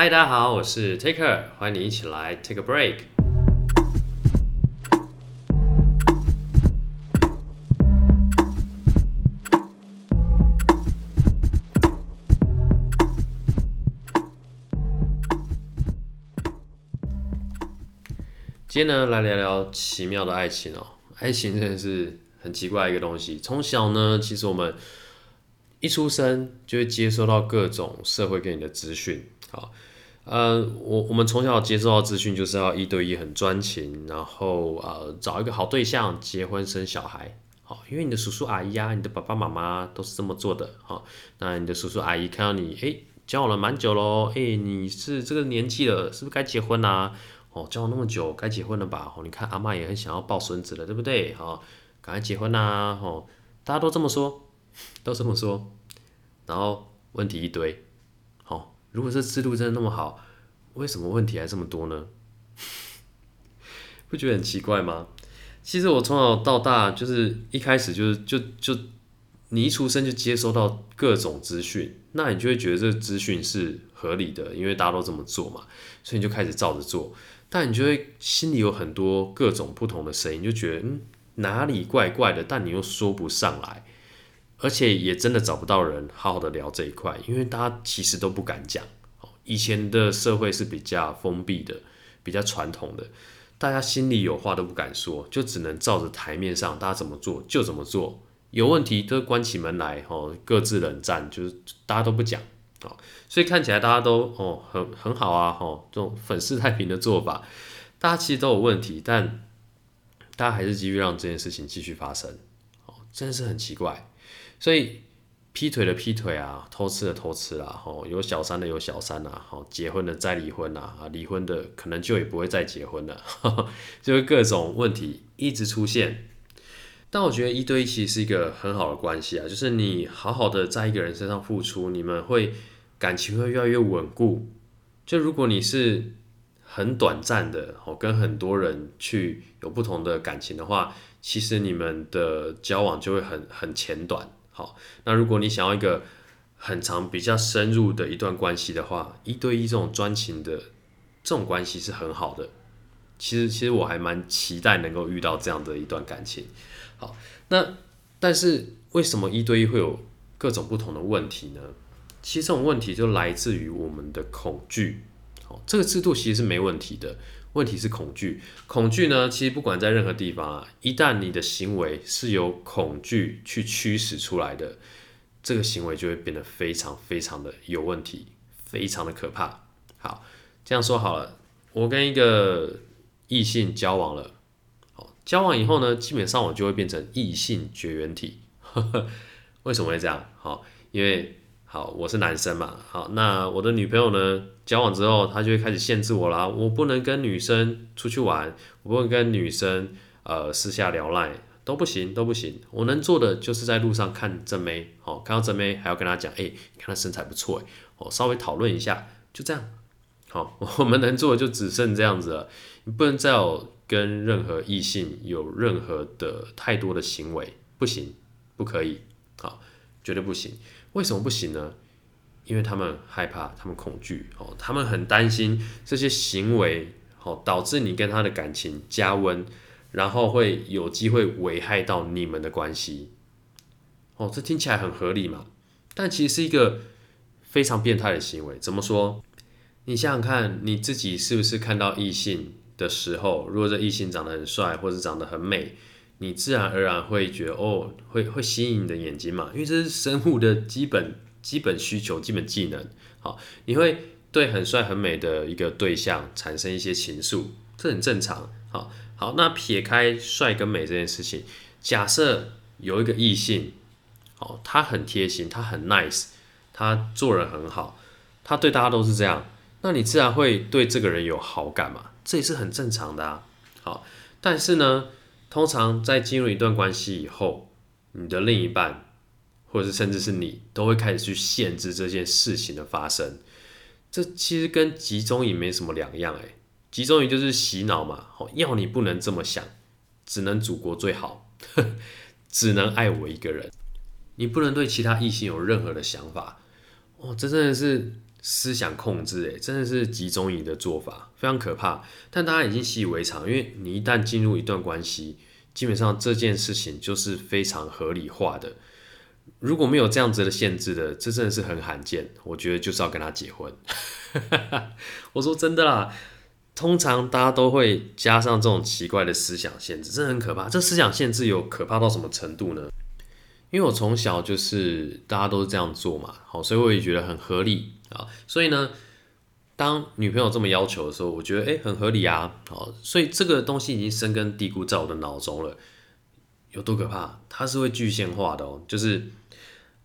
嗨，Hi, 大家好，我是 Taker，歡迎你一起來 Take a Break。今天呢，來聊聊奇妙的愛情哦、喔。愛情真的是很奇怪的一個東西。從小呢，其實我們一出生就會接收到各種社會給你的資訊。好，呃，我我們從小接受到資訊就是要一對一很專情，然後呃找一個好對象結婚生小孩。好，因為你的叔叔阿姨啊，你的爸爸媽媽都是這麼做的。好，那你的叔叔阿姨看到你，誒，交往了蠻久嘍，誒，你是這個年紀了，是不是該結婚啦、啊？哦，交往那麼久，該結婚了吧？哦，你看阿嬤也很想要抱孫子了，對不對？好、哦，趕快結婚啦、啊！哦，大家都這麼說，都這麼說，然後問題一堆。如果這制度真的那麼好，為什麼問題還這麼多呢？ 不覺得很奇怪嗎？其實我從小到大，就是一開始就是就就你一出生就接收到各種資訊，那你就會覺得這資訊是合理的，因為大家都這麼做嘛，所以你就開始照着做。但你就會心裡有很多各種不同的聲音，就覺得嗯哪裡怪怪的，但你又說不上來。而且也真的找不到人好好的聊這一塊，因為大家其實都不敢講。以前的社會是比較封閉的、比較傳統的，大家心裡有話都不敢說，就只能照着檯面上大家怎麼做就怎麼做。有問題都關起門來，哦，各自冷戰，就是大家都不講。哦，所以看起來大家都哦很很好啊，哦這種粉飾太平的做法，大家其實都有問題，但大家還是繼續讓這件事情繼續發生。哦，真的是很奇怪。所以，劈腿的劈腿啊，偷吃的偷吃啊，吼，有小三的有小三啊，吼，結婚的再離婚啊，離婚的可能就也不會再結婚了，呵呵，就是各種問題一直出現。但我覺得一對一其實是一個很好的關係啊，就是你好好的在一個人身上付出，你們會感情會越來越穩固。就如果你是很短暫的，吼，跟很多人去有不同的感情的話，其實你們的交往就會很很淺短。好，那如果你想要一個很長、比較深入的一段關係的話，一對一這種專情的這種關係是很好的。其實，其實我還蠻期待能夠遇到這樣的一段感情。好，那但是為什麼一對一會有各種不同的問題呢？其實這種問題就來自於我們的恐懼。好，這個制度其實是沒問題的。問題是恐懼，恐懼呢？其實不管在任何地方啊，一旦你的行為是由恐懼去驅使出來的，這個行為就會變得非常非常的有問題，非常的可怕。好，這樣說好了，我跟一個異性交往了，好，交往以後呢，基本上我就會變成異性絕緣體。 為什麼會這樣？好，因為。好，我是男生嘛，好，那我的女朋友呢？交往之後，她就會開始限制我啦。我不能跟女生出去玩，我不能跟女生呃私下聊 Line，都不行，都不行。我能做的就是在路上看正妹。好、哦，看到正妹還要跟她講，哎、欸，你看她身材不錯哦，稍微討論一下，就這樣。好、哦，我們能做的就只剩這樣子了。你不能再有跟任何異性有任何的太多的行為，不行，不可以，好、哦，絕對不行。為什麼不行呢？因為他們害怕，他們恐懼哦，他們很擔心這些行為哦導致你跟他的感情加溫，然後會有機會危害到你們的關係哦。這聽起來很合理嘛，但其實是一個非常變態的行為。怎麼說？你想想看，你自己是不是看到異性的時候，如果這異性長得很帥，或者是長得很美，你自然而然會覺得哦，會會吸引你的眼睛嘛？因為這是生物的基本基本需求、基本技能。好，你會對很帥很美的一個對象產生一些情愫，這很正常。好，好，那撇開帥跟美這件事情，假設有一個異性，哦，他很貼心，他很 nice，他做人很好，他對大家都是這樣，那你自然會對這個人有好感嘛？這也是很正常的啊。好，但是呢，通常在進入一段關係以後，你的另一半，或者是甚至是你，都會開始去限制這件事情的發生。這其實跟集中營沒什麼兩樣誒、欸，集中營就是洗腦嘛，要你不能這麼想，只能祖國最好，呵呵，只能愛我一個人，你不能對其他異性有任何的想法哦，這真的是。思想控制，欸，誒，真的是集中營的做法，非常可怕。但大家已經習以為常，因為你一旦進入一段關係，基本上這件事情就是非常合理化的。如果沒有這樣子的限制的，這真的是很罕見。我覺得就是要跟他結婚。 我說真的啦，通常大家都會加上這種奇怪的思想限制，這很可怕。這思想限制有可怕到什麼程度呢？因為我從小就是大家都是這樣做嘛，好，所以我也覺得很合理啊。所以呢，當女朋友這麼要求的時候，我覺得誒、欸、很合理啊。好，所以這個東西已經深根蒂固在我的腦中了，有多可怕？它是會具象化的哦、喔。就是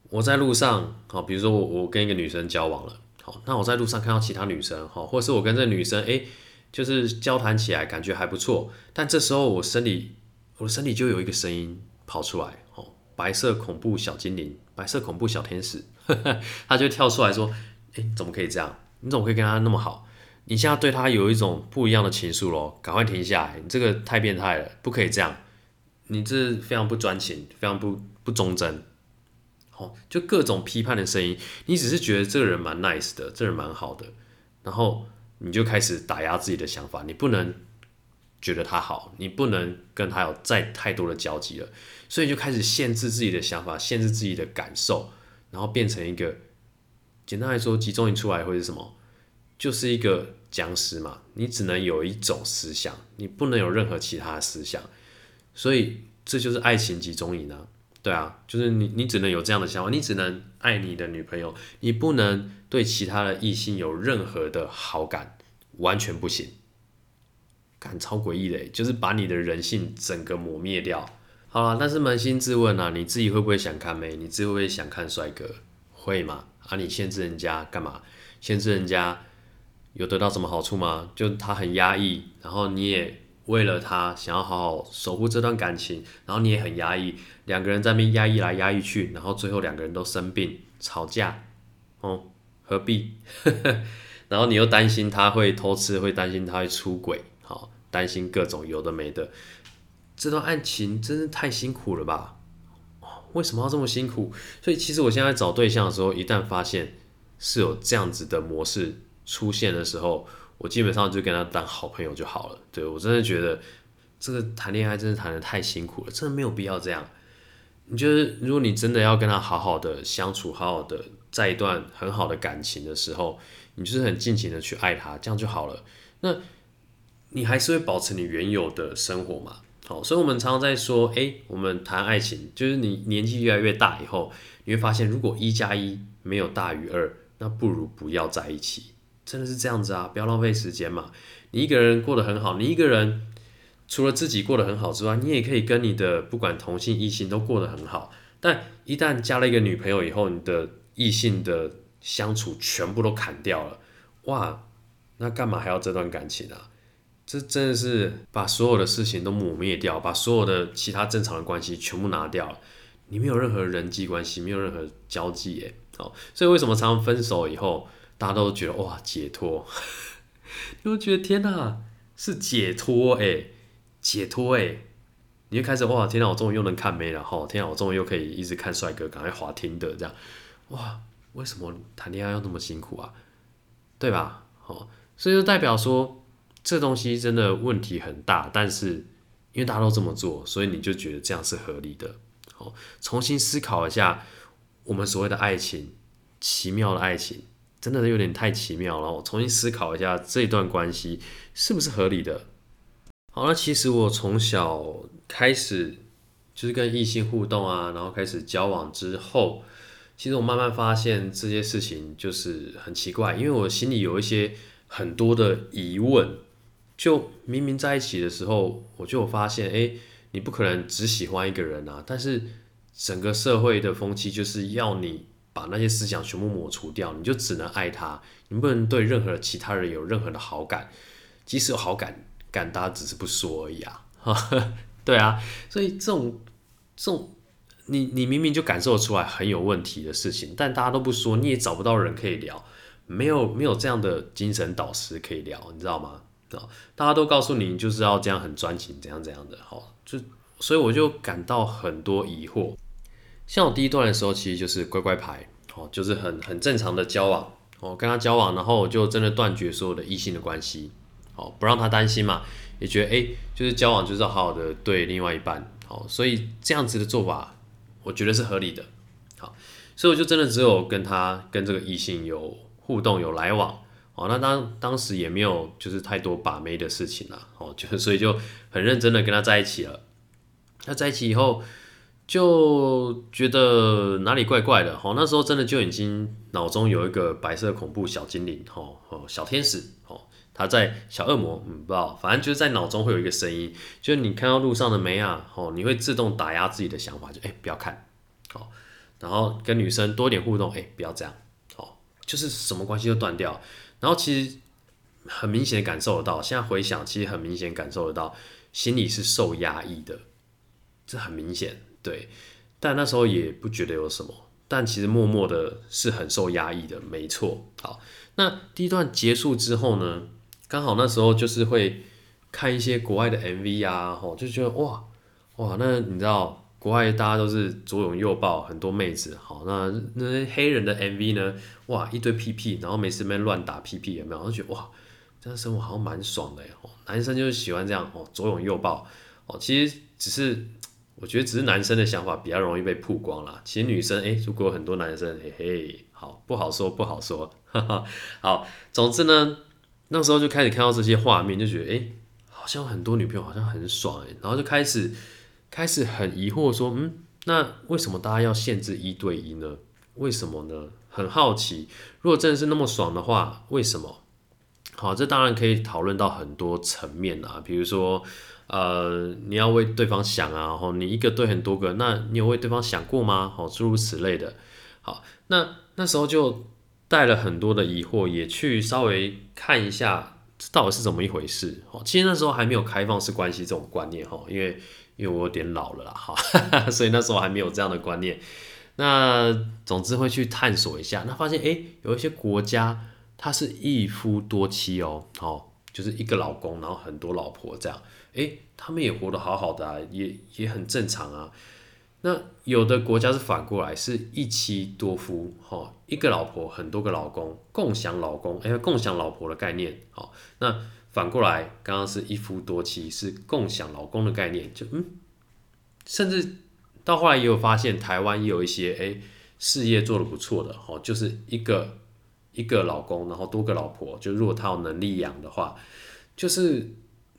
我在路上，好，比如說我我跟一個女生交往了，好，那我在路上看到其他女生，好，或者是我跟這個女生誒、欸，就是交談起來感覺還不錯，但這時候我身體我的身體就有一個聲音跑出來，哦。白色恐怖小精靈，白色恐怖小天使，呵呵，他就跳出來說：“誒、欸，怎麼可以這樣？你怎麼可以跟他那麼好？你現在對他有一種不一樣的情愫咯。趕快停下來！你這個太變態了，不可以這樣！你這非常不專情，非常不不忠貞。哦”好，就各種批判的聲音。你只是覺得這個人蠻 nice 的，這個、人蠻好的，然後你就開始打壓自己的想法，你不能。覺得他好，你不能跟他有再太多的交集了，所以就開始限制自己的想法，限制自己的感受，然後變成一個，簡單來說，集中營出來會是什麼？就是一個殭屍嘛，你只能有一種思想，你不能有任何其他的思想，所以這就是愛情集中營啊，對啊，就是你你只能有這樣的想法，你只能愛你的女朋友，你不能對其他的異性有任何的好感，完全不行。超詭異的，就是把你的人性整個磨滅掉。好啦，但是捫心自問啊，你自己會不會想看妹？你自己會不會想看帥哥？會嗎？啊，你限制人家幹嘛？限制人家有得到什麼好處嗎？就他很壓抑，然後你也為了他想要好好守護這段感情，然後你也很壓抑，兩個人在那邊壓抑來壓抑去，然後最後兩個人都生病吵架，哦、嗯，何必？ 然後你又擔心他會偷吃，會擔心他會出軌。擔心各種有的沒的，這段愛情真是太辛苦了吧？為什麼要這麼辛苦？所以其實我現在找對象的時候，一旦發現是有這樣子的模式出現的時候，我基本上就跟他當好朋友就好了。對，我真的覺得這個談戀愛真的談得太辛苦了，真的沒有必要這樣。你就是如果你真的要跟他好好的相處，好好的在一段很好的感情的時候，你就是很盡情的去愛他，這樣就好了。那。你還是會保持你原有的生活嘛。好，所以我們常常在說，誒、欸，我們談愛情，就是你年紀越來越大以後，你會發現，如果一加一沒有大於二，那不如不要在一起，真的是這樣子啊，不要浪費時間嘛。你一個人過得很好，你一個人除了自己過得很好之外，你也可以跟你的不管同性異性都過得很好。但一旦加了一個女朋友以後，你的異性的相處全部都砍掉了，哇，那幹嘛還要這段感情啊？這真的是把所有的事情都抹滅掉，把所有的其他正常的關係全部拿掉，你沒有任何人際關係，沒有任何交際，哎，哦，所以為什麼常常分手以後，大家都覺得哇解脫， 你會覺得天哪是解脫誒、欸，解脫誒、欸。你就開始哇天哪我終於又能看妹了哈，天哪我終於又可以一直看帥哥，趕快滑 Tinder 的這樣，哇，為什麼談戀愛要，要那麼辛苦啊，對吧？好，哦，所以就代表說。這東西真的問題很大，但是因為大家都這麼做，所以你就覺得這樣是合理的。好，重新思考一下我們所謂的愛情，奇妙的愛情，真的是有點太奇妙了。然後重新思考一下這一段關係是不是合理的。好，那其實我從小開始就是跟異性互動啊，然後開始交往之後，其實我慢慢發現這些事情就是很奇怪，因為我心裡有一些很多的疑問。就明明在一起的時候，我就發現，哎、欸，你不可能只喜歡一個人啊。但是整個社會的風氣就是要你把那些思想全部抹除掉，你就只能愛他，你不能對任何其他人有任何的好感，即使有好感，但大家只是不說而已啊。 對啊，所以這種這種，你你明明就感受出來很有問題的事情，但大家都不說，你也找不到人可以聊，沒有沒有這樣的精神導師可以聊，你知道嗎？大家都告訴你，你就是要這樣很專情，怎樣怎樣的，好，就所以我就感到很多疑惑。像我第一段的時候，其實就是乖乖牌，哦，就是很很正常的交往，哦，跟他交往，然後我就真的斷絕所有的異性的關係，好，不讓他擔心嘛，也覺得誒、欸，就是交往就是要好好的對另外一半，好，所以這樣子的做法，我覺得是合理的，好，所以我就真的只有跟他跟這個異性有互動有來往。哦，那當當時也沒有就是太多把妹的事情啦，哦，就所以就很認真的跟她在一起了。那在一起以後，就覺得哪裡怪怪的，哦，那時候真的就已經腦中有一個白色恐怖小精靈，哦哦小天使，哦，他在小惡魔，嗯，不知道，反正就是在腦中會有一個聲音，就是你看到路上的妹啊，哦，你會自動打壓自己的想法，就誒、欸，不要看，好，然後跟女生多一點互動，誒、欸，不要這樣，哦，就是什麼關係都斷掉。然後其實很明顯感受得到，現在回想其實很明顯感受得到，心裡是受壓抑的，這很明顯對。但那時候也不覺得有什麼，但其實默默的是很受壓抑的，沒錯。好，那第一段結束之後呢，剛好那時候就是會看一些國外的 MV 啊，吼，就覺得哇哇，那你知道。國外大家都是左擁右抱，很多妹子。好，那那些黑人的 MV 呢？哇，一堆屁屁，然後每次那邊亂打屁屁，有沒有？然後覺得哇，這樣生活好像蠻爽的耶。男生就是喜歡這樣哦，左擁右抱。哦，其實只是，我覺得只是男生的想法比較容易被曝光啦。其實女生，哎、欸，如果有很多男生，嘿、欸、嘿，好不好說？不好說。哈哈。好，總之呢，那時候就開始看到這些畫面，就覺得哎、欸，好像很多女朋友好像很爽耶。然後就開始。開始很疑惑，說，說嗯，那為什麼大家要限制一對一呢？為什麼呢？很好奇，如果真的是那麼爽的話，為什麼？好，這當然可以討論到很多層面啊，比如說，呃，你要為對方想啊，然後你一個對很多個，那你有為對方想過嗎？好，諸如此類的。好，那那時候就帶了很多的疑惑，也去稍微看一下這到底是怎麼一回事。哦，其實那時候還沒有開放式關係這種觀念，哈，因為。因為我有點老了哈，所以那時候還沒有這樣的觀念。那總之會去探索一下，那發現哎、欸，有一些國家它是一夫多妻哦，好、哦，就是一個老公，然後很多老婆這樣，哎、欸，他們也活得好好的、啊、也也很正常啊。那有的國家是反過來是一妻多夫，哈、哦，一個老婆很多個老公，共享老公、欸，共享老婆的概念，好、哦，那。反過來，剛剛是一夫多妻，是共享老公的概念，就嗯，甚至到後來也有發現，台灣也有一些誒、欸、事業做得不錯的哦、喔，就是一個一個老公，然後多個老婆，就如果他有能力養的話，就是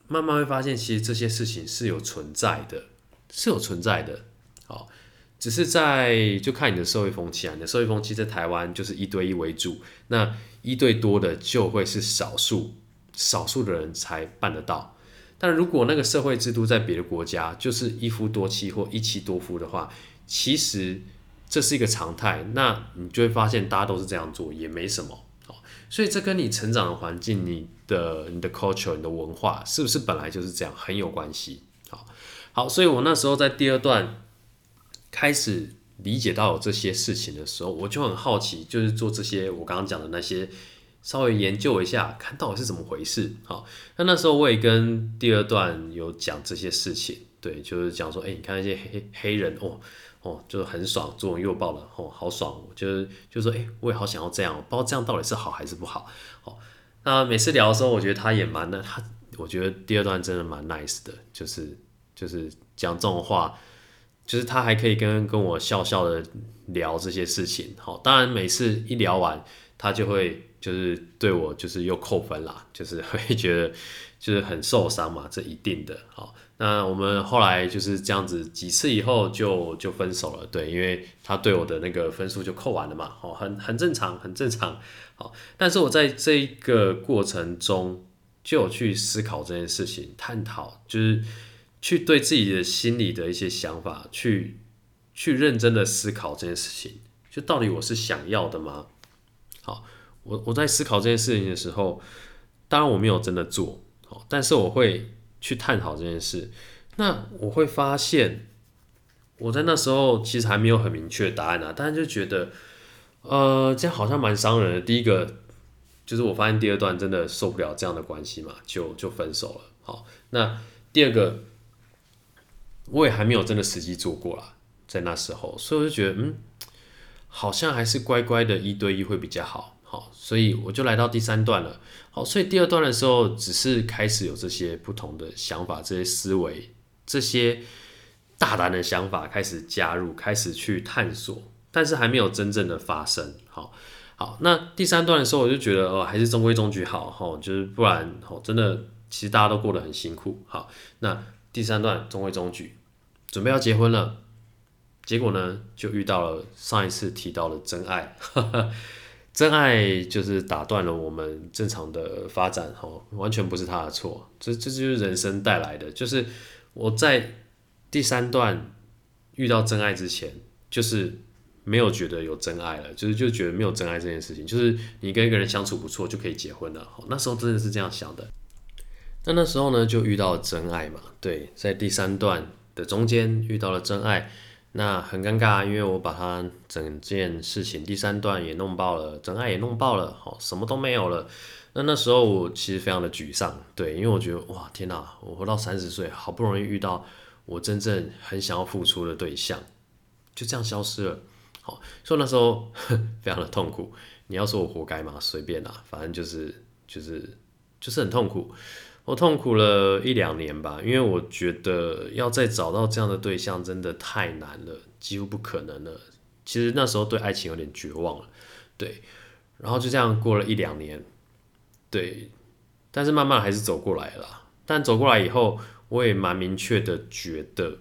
慢慢會發現，其實這些事情是有存在的，是有存在的，哦、喔。只是在就看你的社會風氣啊，你的社會風氣在台灣就是一對一為主，那一對多的就會是少數。少數的人才辦得到，但如果那個社會制度在別的國家，就是一夫多妻或一妻多夫的話，其實這是一個常態，那你就會發現大家都是這樣做，也沒什麼好。所以這跟你成長的環境、你的、你的 culture、你的文化是不是本來就是這樣，很有關係。好，好，所以我那時候在第二段開始理解到這些事情的時候，我就很好奇，就是做這些我剛剛講的那些。稍微研究一下，看到底是怎麼回事。好、哦，那那時候我也跟第二段有講這些事情，對，就是講說，哎、欸，你看那些黑黑人，哦哦，就是很爽，左擁右抱了，哦，好爽，就是就說，哎、欸，我也好想要這樣，我不知道這樣到底是好還是不好。好、哦，那每次聊的時候，我覺得他也蠻的，他我覺得第二段真的蠻 nice 的，就是就是講這種話，就是他還可以跟跟我笑笑的聊這些事情。好、哦，當然每次一聊完，他就會。就是對我就是又扣分啦，就是會覺得就是很受傷嘛，這一定的。好，那我們後來就是這樣子幾次以後就就分手了。對，因為他對我的那個分數就扣完了嘛。好，很很正常，很正常。好，但是我在這一個過程中就有去思考這件事情，探討，就是去對自己的心理的一些想法，去去認真的思考這件事情，就到底我是想要的嗎？好。我我在思考這件事情的時候，當然我沒有真的做，好，但是我會去探討這件事。那我會發現，我在那時候其實還沒有很明確的答案啊。大家就覺得，呃，這樣好像蠻傷人的。第一個就是我發現第二段真的受不了這樣的關係嘛，就就分手了。好，那第二個我也還沒有真的實際做過了，在那時候，所以我就覺得，嗯，好像還是乖乖的一對一會比較好。好，所以我就來到第三段了。好，所以第二段的時候，只是開始有這些不同的想法、這些思維、這些大膽的想法開始加入，開始去探索，但是還沒有真正的發生。好，好，那第三段的時候，我就覺得哦，還是中規中矩好，哦，就是不然，哈，哦，真的，其實大家都過得很辛苦。好，那第三段中規中矩，準備要結婚了，結果呢，就遇到了上一次提到的真愛。呵呵真愛就是打斷了我們正常的發展哦，完全不是他的錯，這這就是人生帶來的。就是我在第三段遇到真愛之前，就是沒有覺得有真愛了，就是就覺得沒有真愛這件事情。就是你跟一個人相處不錯就可以結婚了，那時候真的是這樣想的。那那時候呢，就遇到了真愛嘛，對，在第三段的中間遇到了真愛。那很尷尬，因為我把他整件事情第三段也弄爆了，真愛也弄爆了，好，什麼都沒有了。那那時候我其實非常的沮喪，對，因為我覺得哇，天哪，我活到三十歲，好不容易遇到我真正很想要付出的對象，就這樣消失了，好，所以那時候非常的痛苦。你要說我活該嗎？隨便啦，反正就是就是就是很痛苦。我痛苦了一兩年吧，因為我覺得要再找到這樣的對象真的太難了，幾乎不可能了。其實那時候對愛情有點絕望了，對。然後就這樣過了一兩年，對。但是慢慢還是走過來了。但走過來以後，我也蠻明確的覺得，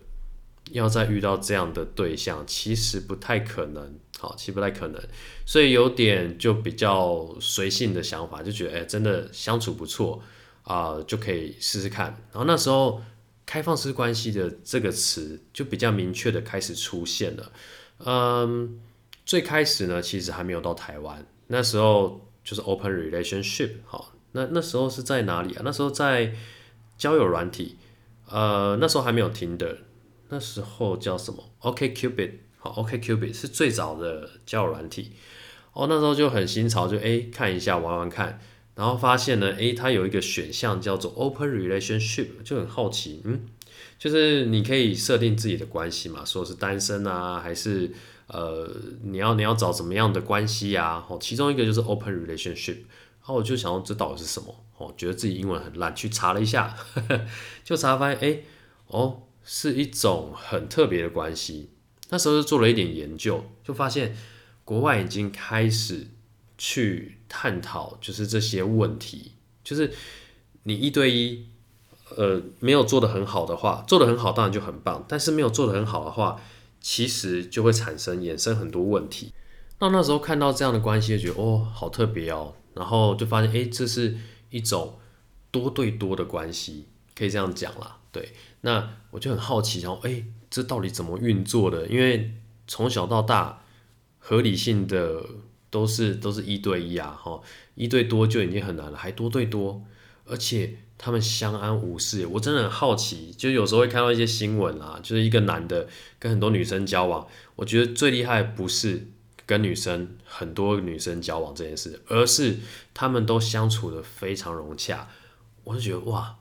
要再遇到這樣的對象其實不太可能，好，其實不太可能。所以有點就比較隨性的想法，就覺得哎、欸，真的相處不錯。啊、呃，就可以試試看。然後那時候“開放式關係”的這個詞就比較明確的開始出現了。嗯，最開始呢，其實還沒有到台灣，那時候就是 “open relationship”。好，那那時候是在哪裡啊？那時候在交友軟體，呃，那時候還沒有 Tinder。那時候叫什麼？OKCupid。OKCupid，好，OKCupid、OK、是最早的交友軟體。哦，那時候就很新潮，就哎、欸，看一下，玩玩看。然後發現呢，哎，它有一個選項叫做 open relationship，就很好奇，嗯，就是你可以設定自己的關係嘛，說是單身啊，還是呃，你要你要找什麼樣的關係啊？哦，其中一個就是 open relationship，然後我就想說這到底是什麼？哦，覺得自己英文很爛，去查了一下， 就查發現，哎，哦，是一種很特別的關係。那時候就做了一點研究，就發現國外已經開始去。探討就是這些問題，就是你一對一，呃，沒有做得很好的話，做得很好當然就很棒，但是沒有做得很好的話，其實就會產生衍生很多問題。那那時候看到這樣的關係，就覺得哦，好特別哦，然後就發現，哎、欸，這是一種多對多的關係，可以這樣講啦，對。那我就很好奇，然後哎，這到底怎麼運作的？因為從小到大，合理性的。都是都是一對一啊，哈、哦，一對多就已經很難了，還多對多，而且他們相安無事，我真的很好奇。就有時候會看到一些新聞啊，就是一個男的跟很多女生交往，我覺得最厲害不是跟女生很多女生交往這件事，而是他們都相處得非常融洽，我就覺得哇，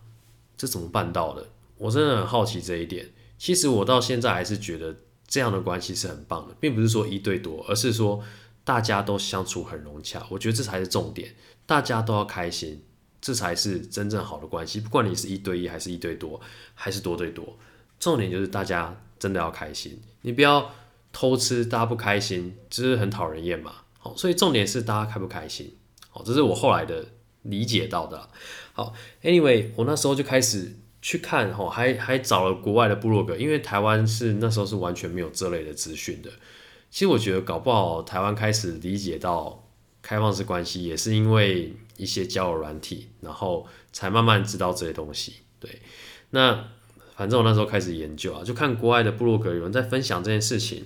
這怎麼辦到的？我真的很好奇這一點。其實我到現在還是覺得這樣的關係是很棒的，並不是說一對多，而是說。大家都相處很融洽，我覺得這才是重點。大家都要開心，這才是真正好的關係。不管你是一對一，還是一對多，還是多對多，重點就是大家真的要開心。你不要偷吃，大家不開心，就是很討人厭嘛。好，所以重點是大家開不開心。好，這是我後來的理解到的。好，Anyway，我那時候就開始去看，哈，還還找了國外的部落格，因為台灣是那時候是完全沒有這類的資訊的。其實我覺得搞不好台灣開始理解到開放式關係，也是因為一些交友軟體，然後才慢慢知道這些東西。對，那反正我那時候開始研究啊，就看國外的部落格有人在分享這件事情。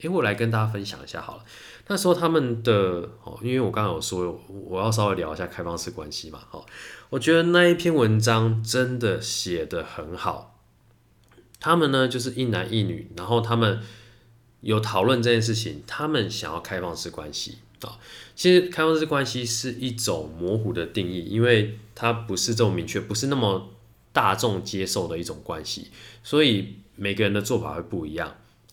欸，我來跟大家分享一下好了。那時候他們的哦，因為我剛才有說我要稍微聊一下開放式關係嘛，哦，我覺得那一篇文章真的寫得很好。他們呢就是一男一女，然後他們有討論這件事情，他們想要開放式關係啊。其實開放式關係是一種模糊的定義，因為它不是這麼明確，不是那麼大眾接受的一種關係，所以每個人的做法會不一樣。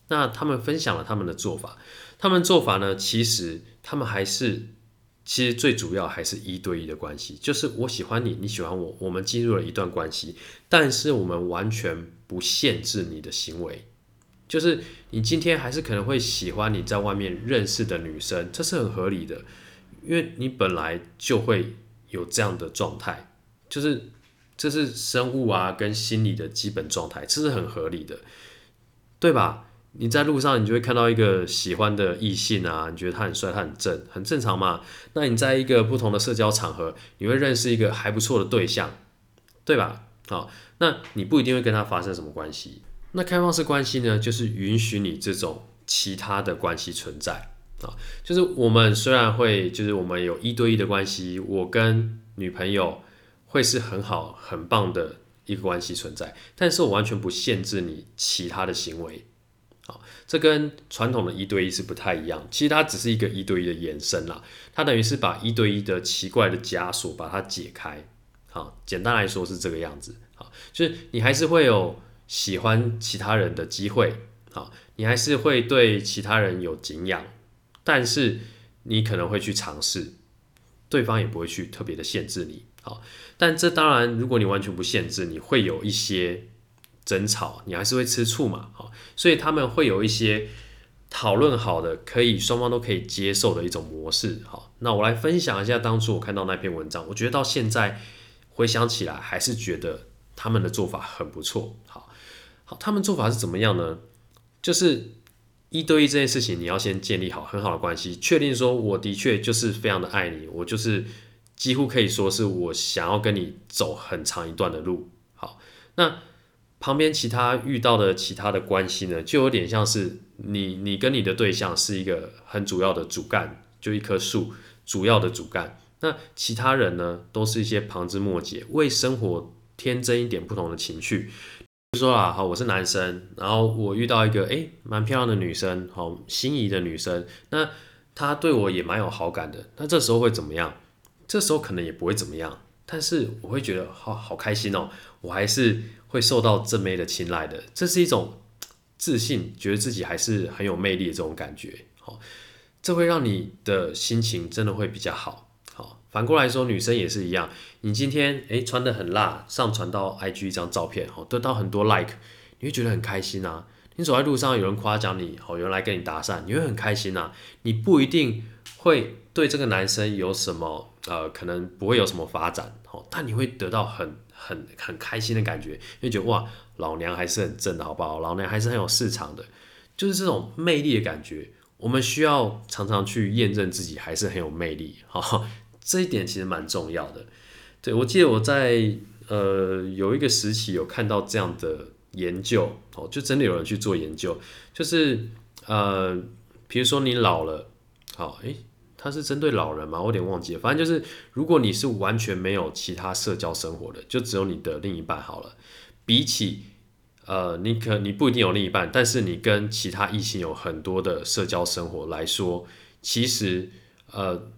那他們分享了他們的做法，他們做法呢，其實他們還是，其實最主要還是一對一的關係，就是我喜歡你，你喜歡我，我們進入了一段關係，但是我們完全不限制你的行為。就是你今天還是可能會喜歡你在外面認識的女生，這是很合理的，因為你本來就會有這樣的狀態，就是這是生物啊跟心理的基本狀態，這是很合理的，對吧？你在路上你就會看到一個喜歡的異性啊，你覺得他很帥，他很正，很正常嘛。那你在一個不同的社交場合，你會認識一個還不錯的對象，對吧？好，那你不一定會跟他發生什麼關係。那開放式關係呢，就是允許你這種其他的關係存在啊，就是我們雖然會，就是我們有一對一的關係，我跟女朋友會是很好很棒的一個關係存在，但是我完全不限制你其他的行為，啊。這跟傳統的一對一是不太一樣，其實它只是一個一對一的延伸啦，它等於是把一對一的奇怪的枷鎖把它解開，好，簡單來說是這個樣子，啊，就是你還是會有。喜歡其他人的機會啊，你還是會對其他人有敬仰，但是你可能會去嘗試，對方也不會去特別的限制你啊。但這當然，如果你完全不限制，你會有一些爭吵，你還是會吃醋嘛。好，所以他們會有一些討論好的，可以雙方都可以接受的一種模式。好，那我來分享一下當初我看到那篇文章，我覺得到現在回想起來，還是覺得他們的做法很不錯。好。好，他們做法是怎麼樣呢？就是一對一這件事情，你要先建立好很好的關係，確定說我的確就是非常的愛你，我就是幾乎可以說是我想要跟你走很長一段的路。好，那旁邊其他遇到的其他的關係呢，就有點像是你，你跟你的對象是一個很主要的主幹，就一棵樹主要的主幹，那其他人呢，都是一些旁枝末節，為生活添增一點不同的情趣。就說啦，好，我是男生，然後我遇到一個誒蠻、欸、漂亮的女生，哦，心儀的女生，那她對我也蠻有好感的，那這時候會怎麼樣？這時候可能也不會怎麼樣，但是我會覺得好好開心哦、喔，我還是會受到正妹的青睞的，這是一種自信，覺得自己還是很有魅力的這種感覺，哦，這會讓你的心情真的會比較好。好，反過來說，女生也是一樣。你今天誒、欸、穿得很辣，上傳到 IG 一張照片，哦，得到很多 like，你會覺得很開心啊。你走在路上，有人誇獎你，哦，有人來跟你搭訕，你會很開心啊。你不一定會對這個男生有什麼，呃，可能不會有什麼發展，哦，但你會得到很很很開心的感覺，因為覺得哇，老娘還是很正的，好不好？老娘還是很有市場的，就是這種魅力的感覺。我們需要常常去驗證自己還是很有魅力，好。這一點其實蠻重要的，對，我記得我在呃有一個時期有看到這樣的研究哦，就真的有人去做研究，就是呃，比如說你老了，好，哦，誒，他是針對老人嗎？我有點忘記了，反正就是如果你是完全沒有其他社交生活的，就只有你的另一半好了，比起呃，你可你不一定有另一半，但是你跟其他異性有很多的社交生活來說，其實呃。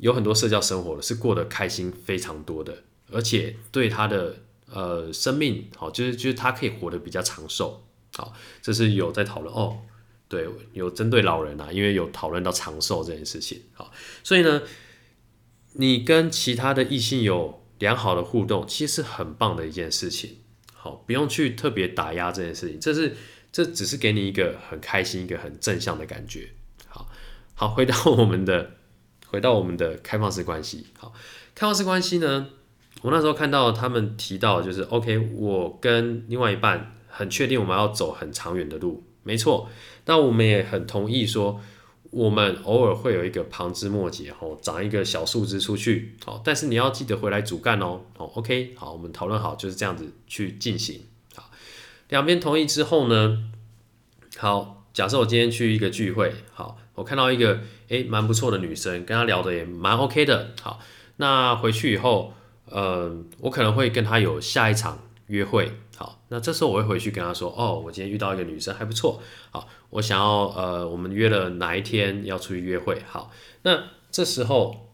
有很多社交生活的是過得開心非常多的，而且對他的呃生命好，就是就是他可以活得比較長壽，好，這是有在討論哦，對，有針對老人啊，因為有討論到長壽這件事情，好，所以呢，你跟其他的異性有良好的互動，其實是很棒的一件事情，好，不用去特別打壓這件事情，這是這只是給你一個很開心、一個很正向的感覺，好，好，回到我們的。回到我們的開放式關係，好，開放式關係呢，我那時候看到他們提到，就是 OK，我跟另外一半很確定我們要走很長遠的路，沒錯，但我們也很同意說，我們偶爾會有一個旁枝末節哦，長一個小樹枝出去，好，哦，但是你要記得回來主幹哦，哦，OK，好，我們討論好就是這樣子去進行，好，兩邊同意之後呢，好，假設我今天去一個聚會，好。我看到一個誒，蠻不錯的女生，跟她聊得也蠻 OK 的。好，那回去以後，嗯、呃，我可能會跟她有下一場約會。好，那這時候我會回去跟她說，哦，我今天遇到一個女生還不錯。好，我想要，呃，我們約了哪一天要出去約會。好，那這時候，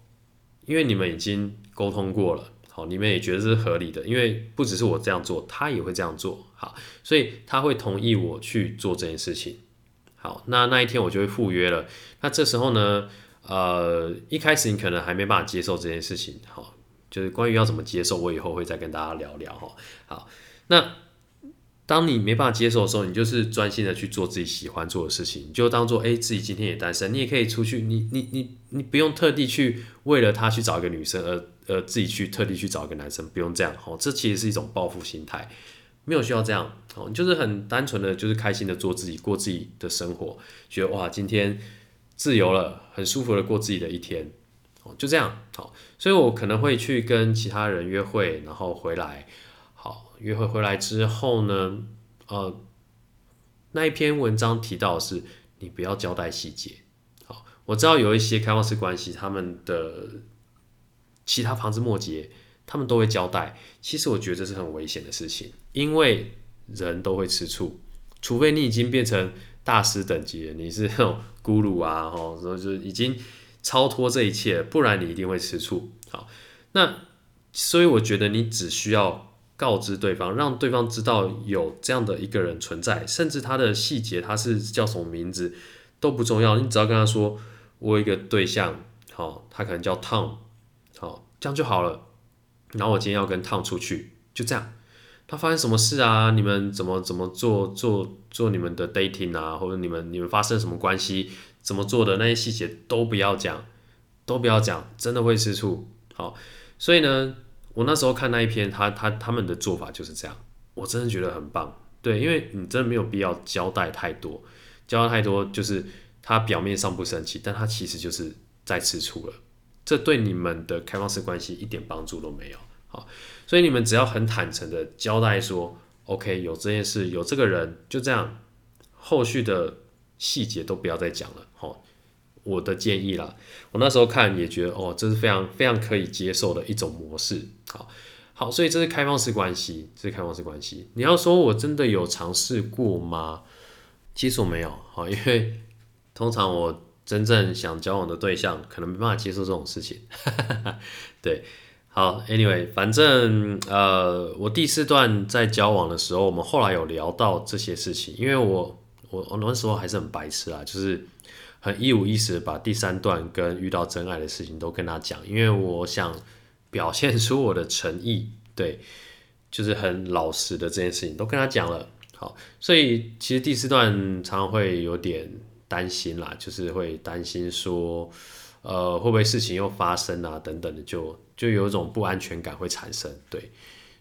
因為你們已經溝通過了，好，你們也覺得是合理的，因為不只是我這樣做，她也會這樣做。好，所以她會同意我去做這件事情。好，那那一天我就會赴約了。那這時候呢，呃，一開始你可能還沒辦法接受這件事情。好，就是關於要怎麼接受，我以後會再跟大家聊聊。哈，好，那當你沒辦法接受的時候，你就是專心的去做自己喜歡做的事情，就當做哎、欸、自己今天也單身，你也可以出去，你你你你不用特地去為了他去找一個女生，而呃自己去特地去找一個男生，不用這樣。哦，這其實是一種報復心態，沒有需要這樣。就是很單純的就是開心的做自己，過自己的生活，覺得哇，今天自由了，很舒服的過自己的一天，就這樣，好，所以我可能會去跟其他人約會，然後回來，好，約會回來之後呢，呃，那一篇文章提到是，你不要交代細節，好，我知道有一些開放式關係，他們的其他旁枝末節，他們都會交代，其實我覺得這是很危險的事情，因為。人都會吃醋，除非你已經變成大師等級了，你是那種古魯啊，吼、哦，就是已經超脫這一切，不然你一定會吃醋。好，那所以我覺得你只需要告知對方，讓對方知道有這樣的一個人存在，甚至他的細節，他是叫什麼名字都不重要，你只要跟他說我有一個對象，好、哦，他可能叫 Tom，好、哦，這樣就好了。然後我今天要跟 Tom 出去，就這樣。他發生什麼事啊？你們怎麼怎麼做做做你們的 dating 啊？或者你們你們發生什麼關係？怎麼做的那些細節都不要講，都不要講，真的會吃醋。好，所以呢，我那時候看那一篇，他他他們的做法就是這樣，我真的覺得很棒。對，因為你真的沒有必要交代太多，交代太多就是他表面上不生氣，但他其實就是在吃醋了，這對你們的開放式關係一點幫助都沒有。所以你們只要很坦誠地交代說，OK，有這件事，有這個人，就這樣，後續的細節都不要再講了，哦，我的建議啦。我那時候看也覺得，哦，這是非常非常可以接受的一種模式，好，好，所以這是開放式關係，這是開放式關係。你要說我真的有嘗試過嗎？其實我沒有，哦，因為通常我真正想交往的對象，可能沒辦法接受這種事情，哈哈哈，對。好，Anyway，反正呃，我第四段在交往的時候，我們後來有聊到這些事情，因為我我那時候還是很白痴啦，就是很一五一十把第三段跟遇到真愛的事情都跟他講，因為我想表現出我的誠意，對，就是很老實的這件事情都跟他講了。好，所以其實第四段常常會有點擔心啦，就是會擔心說。呃，會不會事情又發生啊？等等的，就就有一種不安全感會產生。對，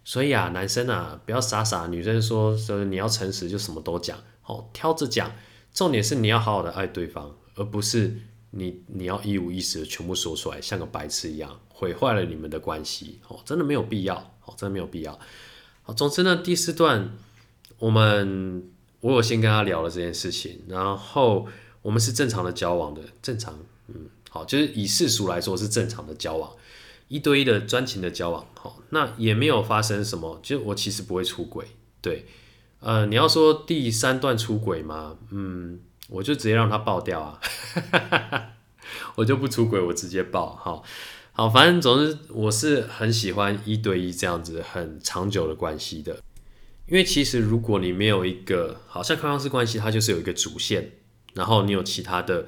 所以啊，男生啊，不要傻傻，女生說說你要誠實，就什麼都講，好、哦、挑着講。重點是你要好好的愛對方，而不是你你要一五一十的全部說出來，像個白痴一樣，毀壞了你們的關係。哦，真的沒有必要，哦，真的沒有必要。好，總之呢，第四段我們我有先跟他聊了這件事情，然後我們是正常的交往的，正常，嗯。好，就是以世俗來說是正常的交往，一對一的專情的交往，好，那也沒有發生什麼，就我其實不會出軌，對，呃，你要說第三段出軌嘛，嗯，我就直接讓他爆掉啊， 我就不出軌，我直接爆，好，好，反正總之我是很喜歡一對一這樣子很長久的關係的，因為其實如果你沒有一個，好像開放式關係，它就是有一個主線，然後你有其他的。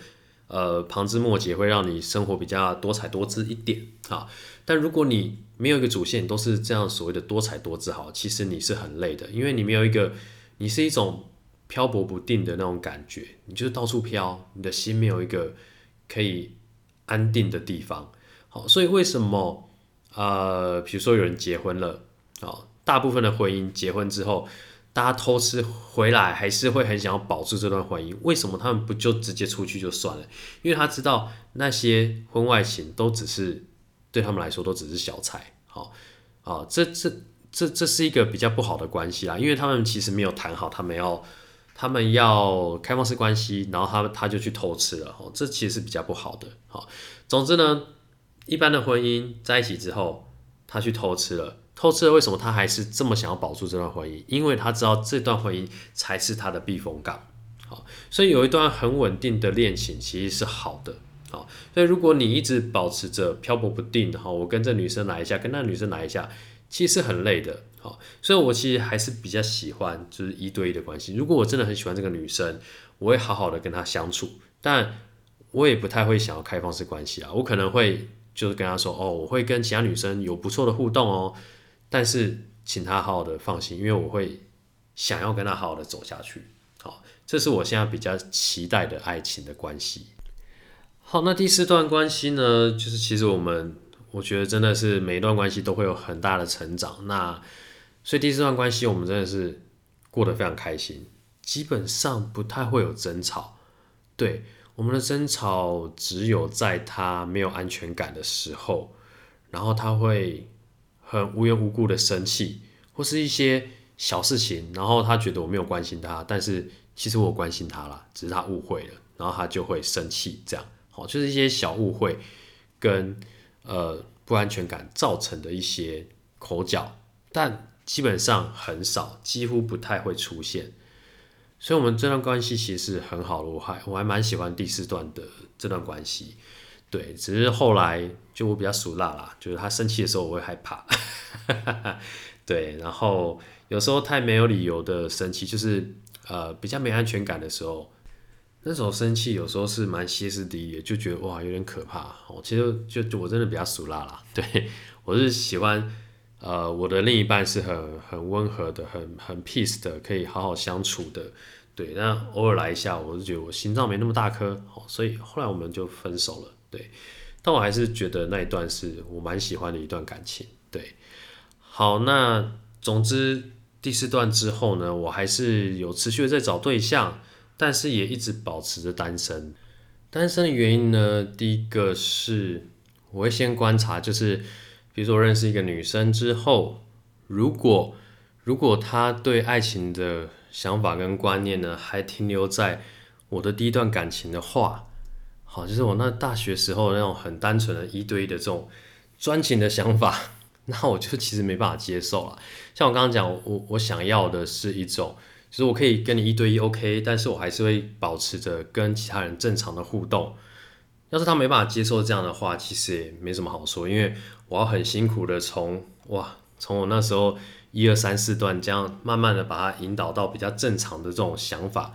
呃，旁枝末節會讓你生活比較多彩多姿一點啊。但如果你沒有一個主線，都是這樣所謂的多彩多姿，好，其實你是很累的，因為你沒有一個，你是一種漂泊不定的那種感覺，你就是到處飄，你的心沒有一個可以安定的地方。好、啊，所以為什麼呃，比如說有人結婚了，啊，大部分的婚姻結婚之後。大家偷吃回來，還是會很想要保住這段婚姻。為什麼他們不就直接出去就算了？因為他知道那些婚外情都只是對他們來說都只是小菜。好、哦，啊，這這這這是一個比較不好的關係啦。因為他們其實沒有談好，他們要他們要開放式關係，然後他他就去偷吃了。哦，這其實是比較不好的。好、哦，總之呢，一般的婚姻在一起之後，他去偷吃了。透支，為什麼他還是這麼想要保住這段婚姻？因為他知道這段婚姻才是他的避風港。好，所以有一段很穩定的戀情其實是好的。好，所以如果你一直保持着漂泊不定，哈，我跟這女生來一下，跟那女生來一下，其實很累的。好，所以，我其實還是比較喜歡就是一對一的關係。如果我真的很喜歡這個女生，我會好好的跟她相處，但我也不太會想要開放式關係啊。我可能會就是跟她說，哦，我會跟其他女生有不錯的互動哦。但是，請他好好的放心，因為我會想要跟他好好的走下去。好，這是我現在比較期待的愛情的關係。好，那第四段關係呢，就是其實我們我覺得真的是每一段關係都會有很大的成長。那所以第四段關係我們真的是過得非常開心，基本上不太會有爭吵。對，我們的爭吵只有在他沒有安全感的時候，然後他會。很無緣無故的生氣，或是一些小事情，然後他覺得我沒有關心他，但是其實我關心他了，只是他誤會了，然後他就會生氣，這樣。好，就是一些小誤會跟呃不安全感造成的一些口角，但基本上很少，幾乎不太會出現，所以我們這段關係其實是很好的，我還我還蠻喜歡第四段的這段關係。對，只是後來就我比較俗辣啦，就是他生氣的時候我會害怕， 對，然後有時候太沒有理由的生氣，就是呃比較沒安全感的時候，那時候生氣有時候是蠻歇斯底里的，就覺得哇有點可怕我，喔、其實就就，就我真的比較俗辣啦，對我是喜歡呃我的另一半是很很溫和的，很很 peace 的，可以好好相處的，對，那偶爾來一下，我就覺得我心臟沒那麼大顆哦，喔，所以後來我們就分手了。對，但我還是覺得那一段是我蠻喜歡的一段感情，對。好，那總之第四段之後呢，我還是有持續的在找對象，但是也一直保持着單身。單身的原因呢，第一個是我會先觀察，就是比如說我認識一個女生之後，如果如果她對愛情的想法跟觀念呢，還停留在我的第一段感情的話。哦，就是我那大學時候那種很單純的一對一的這種專情的想法，那我就其實沒辦法接受了。像我剛剛講，我我想要的是一種，就是我可以跟你一對一 OK，但是我還是會保持着跟其他人正常的互動。要是他沒辦法接受這樣的話，其實也沒什麼好說，因為我要很辛苦的從哇，從我那時候一二三四段這樣慢慢的把他引導到比較正常的這種想法，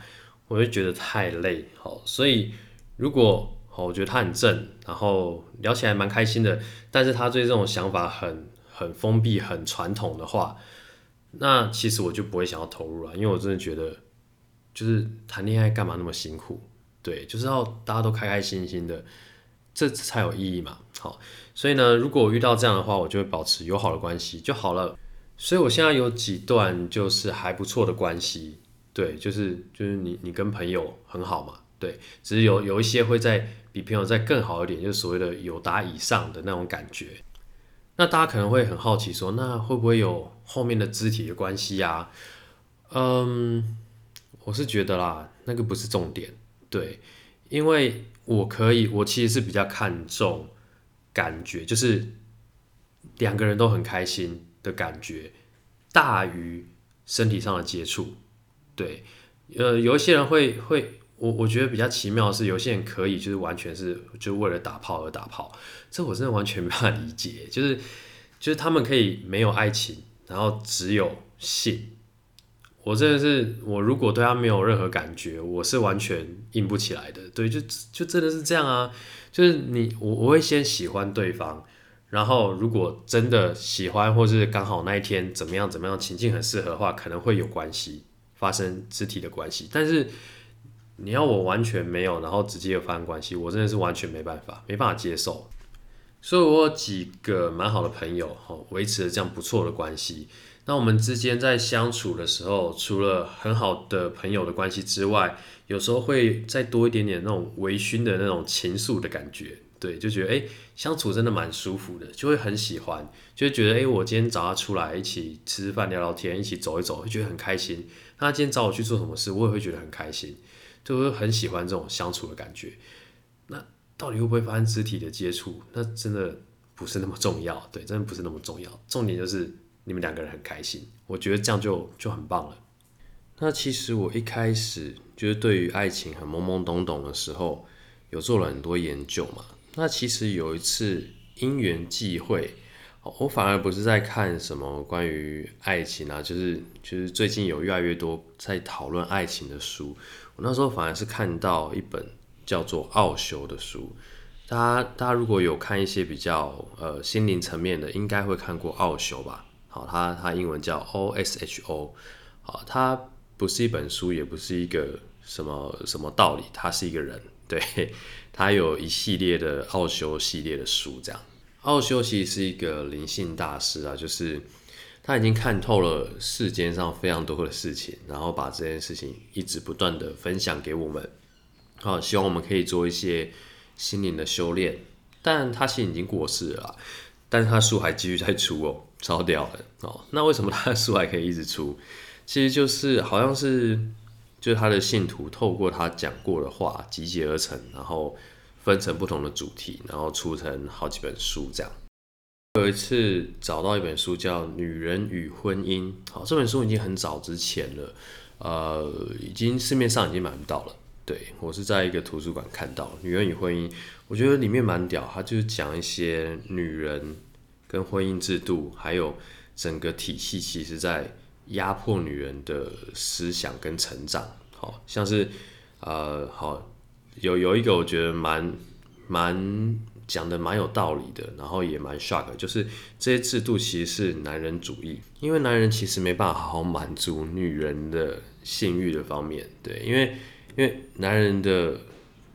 我會覺得太累。好、哦，所以。如果好，我覺得他很正，然後聊起來蠻開心的，但是他對這種想法很很封閉、很傳統的話，那其實我就不會想要投入了，因為我真的覺得，就是談戀愛幹嘛那麼辛苦？對，就是要大家都開開心心的，這才有意義嘛。好，所以呢，如果我遇到這樣的話，我就會保持友好的關係就好了。所以我現在有幾段就是還不錯的關係，對，就是就是你你跟朋友很好嘛。對，只是有有一些會在比朋友在更好一點，就是所謂的友達以上的那種感覺。那大家可能會很好奇說，那會不會有後面的肢體的關係啊？嗯，我是覺得啦，那個不是重點。對，因為我可以，我其實是比較看重感覺，就是兩個人都很開心的感覺，大於身體上的接觸。對，呃，有一些人會會。我我覺得比較奇妙的是，有些人可以就是完全是就為了打炮而打炮，這我真的完全沒辦法理解。就是就是他們可以沒有愛情，然後只有性。我真的是我如果對他沒有任何感覺，我是完全硬不起來的。對，就就真的是這樣啊。就是你我我會先喜歡對方，然後如果真的喜歡，或是剛好那一天怎麼樣怎麼樣情境很適合的話，可能會有關係發生肢體的關係，但是。你要我完全沒有，然後直接發生關係，我真的是完全沒辦法，沒辦法接受。所以我有幾個蠻好的朋友，哈、哦，維持了這樣不錯的關係。那我們之間在相處的時候，除了很好的朋友的關係之外，有時候會再多一點點那種微醺的那種情愫的感覺，對，就覺得哎，相處真的蠻舒服的，就會很喜歡，就會覺得哎，我今天找他出來一起吃吃飯、聊聊天，一起走一走，會覺得很開心。他今天找我去做什麼事，我也會覺得很開心。就是很喜歡這種相處的感覺，那到底會不會發生肢體的接觸？那真的不是那麼重要，對，真的不是那麼重要。重點就是你們兩個人很開心，我覺得這樣就就很棒了。那其實我一開始就是對於愛情很懵懵懂懂的時候，有做了很多研究嘛。那其實有一次因緣際會。我反而不是在看什麼關於愛情啊，就是就是最近有越來越多在討論愛情的書。我那時候反而是看到一本叫做奧修的書，大家，大家如果有看一些比較呃心靈層面的，應該會看過奧修吧？好，他他英文叫 OSHO，好，他不是一本書，也不是一個什麼什麼道理，他是一個人，對，他有一系列的奧修系列的書這樣。奧修其實是一個靈性大師啊，就是他已經看透了世間上非常多的事情，然後把這件事情一直不斷的分享給我們，好、啊，希望我們可以做一些心靈的修煉。但他現在已經過世了，但是他書還繼續在出哦、喔，超屌的哦、啊。那為什麼他的書還可以一直出？其實就是好像是就是他的信徒透過他講過的話集結而成，然後。分成不同的主題，然後出成好幾本書這樣。有一次找到一本書叫《女人與婚姻》，好，這本書已經很早之前了，呃，已經市面上已經買不到了。對，我是在一個圖書館看到《女人與婚姻》，我覺得裡面蠻屌，它就是講一些女人跟婚姻制度，還有整個體系其實在壓迫女人的思想跟成長，好像是呃好。有有一個我覺得蠻蠻講的蠻有道理的然後也蠻 shock 的，就是這些制度其實是男人主義，因為男人其實沒辦法好好滿足女人的性欲的方面。對，因為因為男人的，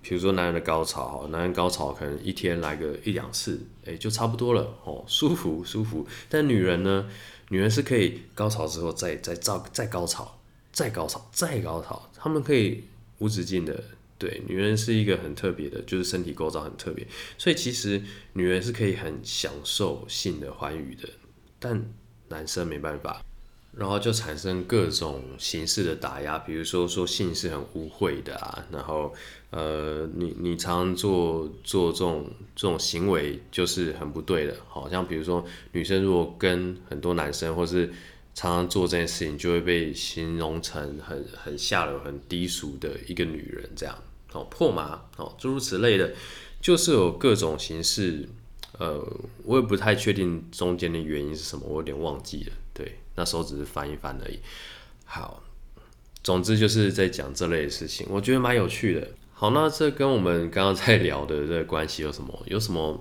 比如說男人的高潮，男人高潮可能一天來個一兩次，哎，就差不多了，哦，舒服舒服。但女人呢，女人是可以高潮之後再再造再高潮，再高潮再高潮，他們可以無止境的。對，女人是一個很特別的，就是身體構造很特別，所以其實女人是可以很享受性的歡愉的，但男生沒辦法，然後就產生各種形式的打壓，比如說，說性是很污穢的啊，然後呃，你你常常做，做這種這種行為就是很不對的，好像比如說女生如果跟很多男生或是常常做這件事情，就會被形容成很很下流很低俗的一個女人這樣。哦，破麻哦，諸如此類的，就是有各種形式，呃，我也不太確定中間的原因是什麼，我有點忘記了。對，那時候只是翻一翻而已。好，總之就是在講這類的事情，我覺得蠻有趣的。好，那這跟我們剛剛在聊的這個關係有什麼，有什麼，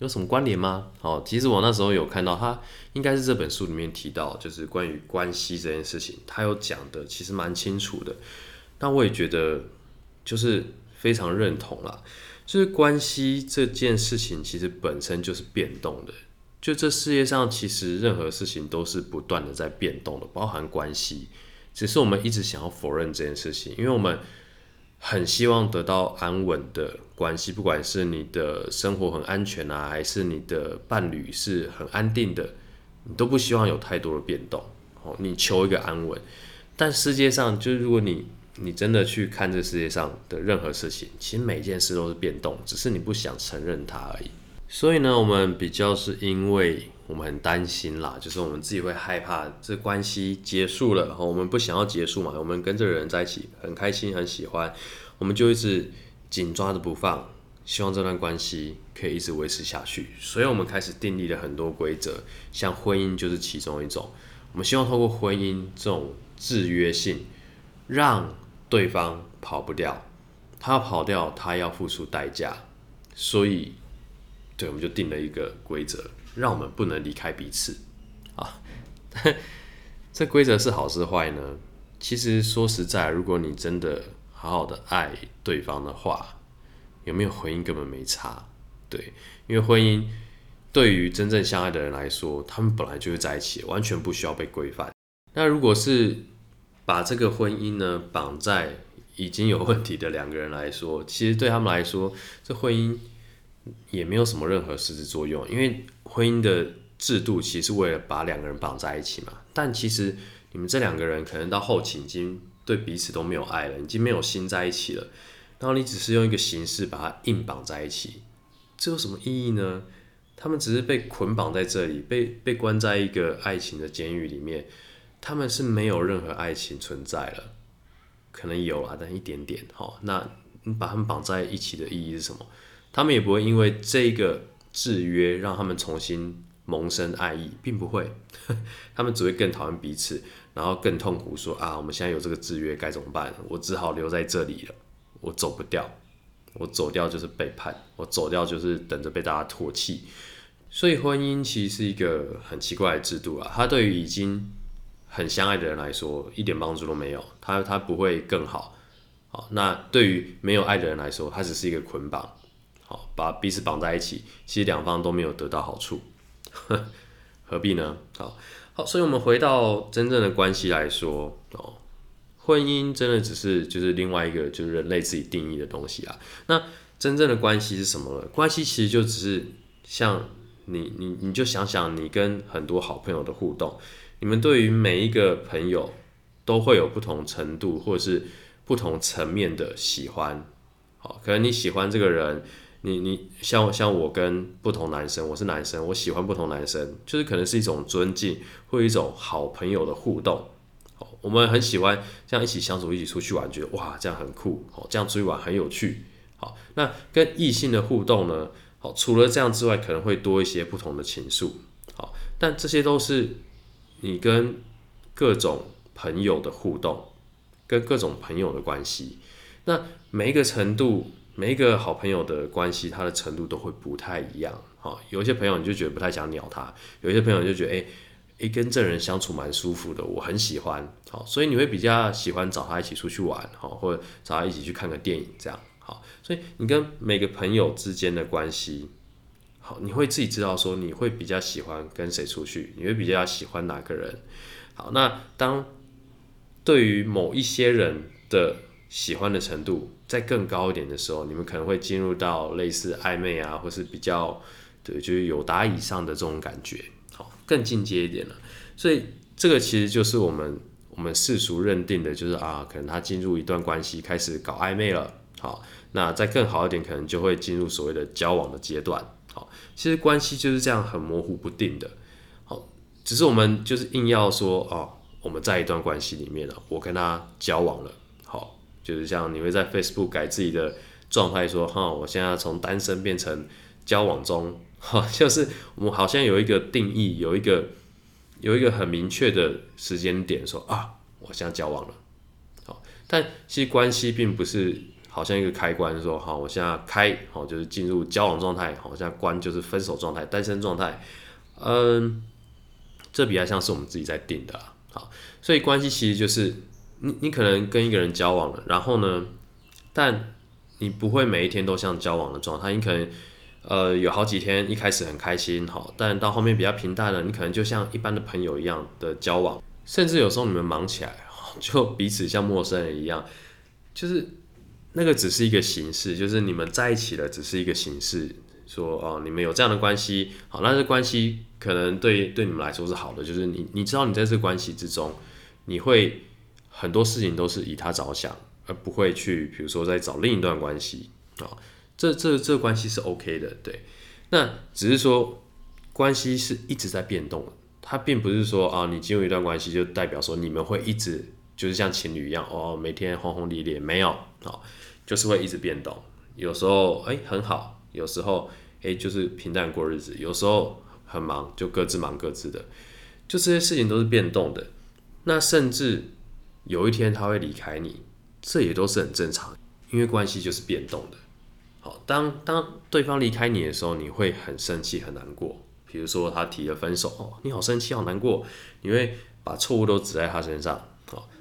有什麼關聯嗎？好，哦，其實我那時候有看到他，應該是這本書裡面提到，就是關於關係這件事情，他有講的其實蠻清楚的。但我也覺得。就是非常認同啦，就是關係這件事情其實本身就是變動的，就這世界上其實任何事情都是不斷的在變動的，包含關係，只是我們一直想要否認這件事情，因為我們很希望得到安穩的關係，不管是你的生活很安全啊，還是你的伴侶是很安定的，你都不希望有太多的變動，哦，你求一個安穩，但世界上就是如果你。你真的去看這個世界上的任何事情，其實每件事都是變動，只是你不想承認它而已。所以呢，我們比較是因為我們很擔心啦，就是我們自己會害怕這關係結束了，然後我們不想要結束嘛。我們跟這個人在一起很開心、很喜歡，我們就一直緊抓着不放，希望這段關係可以一直維持下去。所以，我們開始訂立了很多規則，像婚姻就是其中一種。我們希望透過婚姻這種制約性，讓對方跑不掉，他跑掉，他要付出代價。所以，對，我們就定了一個規則，讓我們不能離開彼此。啊，這規則是好是壞呢？其實說實在，如果你真的好好的愛對方的話，有沒有婚姻根本沒差。對，因為婚姻對於真正相愛的人來說，他們本來就會在一起，完全不需要被規範。那如果是把這個婚姻呢綁在已經有問題的兩個人來說，其實對他們來說，這婚姻也沒有什麼任何實質作用。因為婚姻的制度其實是為了把兩個人綁在一起嘛，但其實你們這兩個人可能到後期已經對彼此都沒有愛了，已經沒有心在一起了。然後你只是用一個形式把它硬綁在一起，這有什麼意義呢？他們只是被捆綁在這裡，被被關在一個愛情的監獄裡面。他們是沒有任何愛情存在了，可能有啊，但一點點。好，哦，那你把他們綁在一起的意義是什麼？他們也不會因為這個制約讓他們重新萌生愛意，並不會。呵，他們只會更討厭彼此，然後更痛苦說。說啊，我們現在有這個制約，該怎麼辦？我只好留在這裡了。我走不掉，我走掉就是背叛，我走掉就是等着被大家唾棄。所以婚姻其實是一個很奇怪的制度啊，它對於已經。很相愛的人來說，一點幫助都沒有，他他不會更好。好，那對於沒有愛的人來說，他只是一個捆綁，好，把彼此綁在一起，其實兩方都沒有得到好處，呵呵，何必呢？好好，所以，我們回到真正的關係來說哦，婚姻真的只是就是另外一個就是人類自己定義的東西啊。那真正的關係是什麼呢？關係其實就只是像你你你就想想你跟很多好朋友的互動。你們對於每一個朋友都會有不同程度或者是不同層面的喜歡，好，可能你喜歡這個人，你你像像我跟不同男生，我是男生，我喜歡不同男生，就是可能是一種尊敬或一種好朋友的互動，好，我們很喜歡這樣一起相處，一起出去玩，覺得哇，這樣很酷，好，這樣出去玩很有趣，好，那跟異性的互動呢，好，除了這樣之外，可能會多一些不同的情愫，好，但這些都是。你跟各種朋友的互動，跟各種朋友的關係，那每一個程度，每一個好朋友的關係，他的程度都會不太一樣。好、哦，有一些朋友你就覺得不太想鳥他，有些朋友就覺得，誒、欸、誒、欸、跟這個人相處蠻舒服的，我很喜歡。好、哦，所以你會比較喜歡找他一起出去玩，好、哦，或者找他一起去看個電影這樣。好、哦，所以你跟每個朋友之間的關係。好，你會自己知道說你會比較喜歡跟誰出去，你會比較喜歡哪個人。好，那當對於某一些人的喜歡的程度再更高一點的時候，你們可能會進入到類似曖昧啊，或是比較，對，就是友達以上的這種感覺。好，更進階一點了。所以這個其實就是我們我們世俗認定的就是啊，可能他進入一段關係，開始搞曖昧了。好，那再更好一點，可能就會進入所謂的交往的階段。好，其實關係就是這樣很模糊不定的。好，只是我們就是硬要說哦，我們在一段關係裡面呢，我跟他交往了。好，就是像你會在 Facebook 改自己的狀態說哈、哦，我現在從單身變成交往中。好，就是我們好像有一個定義，有一個有一個很明確的時間點說啊，我現在交往了。好，但其實關係並不是。好像一個開關說，說好，我現在開，好就是進入交往狀態。好，我現在關就是分手狀態、單身狀態。嗯，這比較像是我們自己在定的。好，所以關係其實就是你，你可能跟一個人交往了，然後呢，但你不會每一天都像交往的狀態，你可能呃有好幾天一開始很開心，好，但到後面比較平淡了，你可能就像一般的朋友一樣的交往，甚至有時候你們忙起來，就彼此像陌生人一樣，就是。那個只是一個形式，就是你們在一起的只是一個形式，說哦，你們有這樣的關係，好，那這關係可能對對你們來說是好的，就是你你知道你在這個關係之中，你會很多事情都是以他着想，而不會去比如說再找另一段關係啊、哦，這這這關係是 OK 的，對，那只是說關係是一直在變動，它並不是說啊、哦、你進入一段關係就代表說你們會一直。就是像情侶一樣哦，每天轟轟烈烈沒有，好，就是會一直變動。有時候欸很好，有時候欸就是平淡過日子，有時候很忙就各自忙各自的，就這些事情都是變動的。那甚至有一天他會離開你，這也都是很正常，因為關係就是變動的。好，當當對方離開你的時候，你會很生氣很難過。比如說他提了分手哦，你好生氣好難過，你會把錯誤都指在他身上。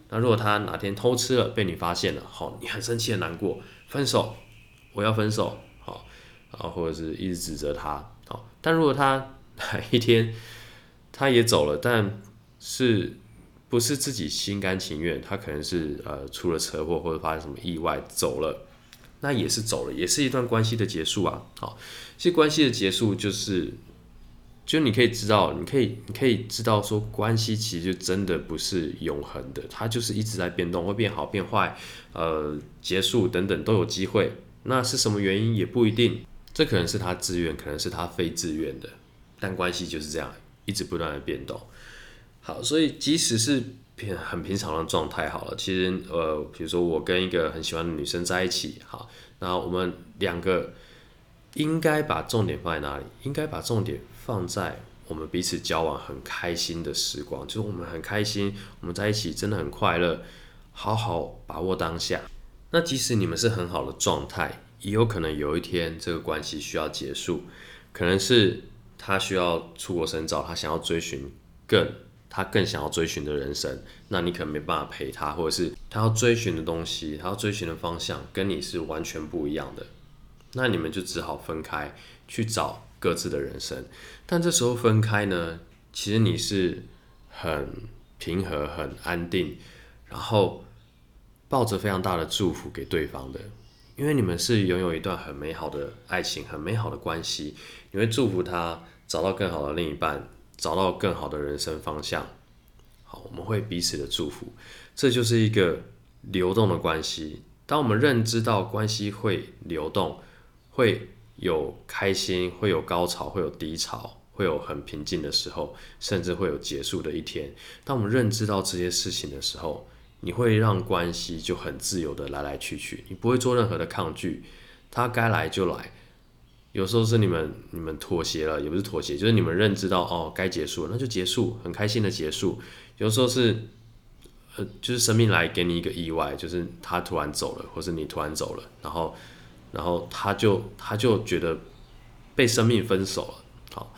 那如果他哪天偷吃了被你發現了，好，你很生氣很難過，分手，我要分手，好，然後或者是一直指責他，好，但如果他哪一天他也走了，但是不是自己心甘情願，他可能是呃出了車禍或者發生什麼意外走了，那也是走了，也是一段關係的結束啊，好，這關係的結束就是。就你可以知道，你可以你可以知道說關係其實就真的不是永恆的，它就是一直在變動，會變好變壞，呃，結束等等都有機會。那是什麼原因也不一定，這可能是他自願，可能是他非自願的，但關係就是這樣，一直不斷的變動。好，所以即使是平很平常的狀態好了，其實呃，比如說我跟一個很喜歡的女生在一起，好，那我們兩個。應該把重點放在哪裡？應該把重點放在我們彼此交往很開心的時光，就是我們很開心，我們在一起真的很快樂，好好把握當下。那即使你們是很好的狀態，也有可能有一天這個關係需要結束，可能是他需要出國深造，他想要追尋更，他更想要追尋的人生，那你可能沒辦法陪他，或者是他要追尋的東西，他要追尋的方向跟你是完全不一樣的。那你們就只好分開去找各自的人生，但這時候分開呢，其實你是很平和、很安定，然後抱着非常大的祝福給對方的，因為你們是擁有一段很美好的愛情、很美好的關係，你會祝福他找到更好的另一半，找到更好的人生方向。好，我們會彼此的祝福，這就是一個流動的關係。當我們認知到關係會流動。會有開心，會有高潮，會有低潮，會有很平靜的時候，甚至會有結束的一天。當我們認知到這些事情的時候，你會讓關係就很自由的來來去去，你不會做任何的抗拒，他該來就來。有時候是你們你們妥協了，也不是妥協，就是你們認知到，哦，該結束了，那就結束，很開心的結束。有時候是，呃，就是生命來給你一個意外，就是他突然走了，或是你突然走了，然後。然後他就他就覺得被生命分手了。好，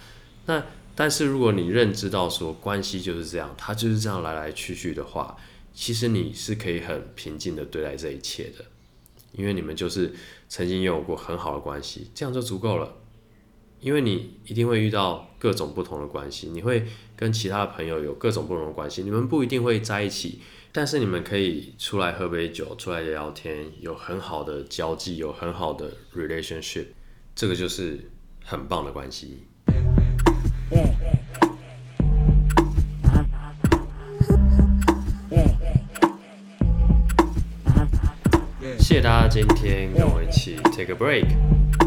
那但是如果你認知到說，關係就是這樣，他就是這樣來來去去的話，其實你是可以很平靜的對待這一切的，因為你們就是曾經擁有過很好的關係，這樣就足夠了。因為你一定會遇到各種不同的關係，你會跟其他的朋友有各種不同的關係，你們不一定會在一起。但是你們可以出來喝杯酒，出來聊天，有很好的交際，有很好的 relationship，這個就是很棒的關係。謝謝大家今天跟我一起 take a break。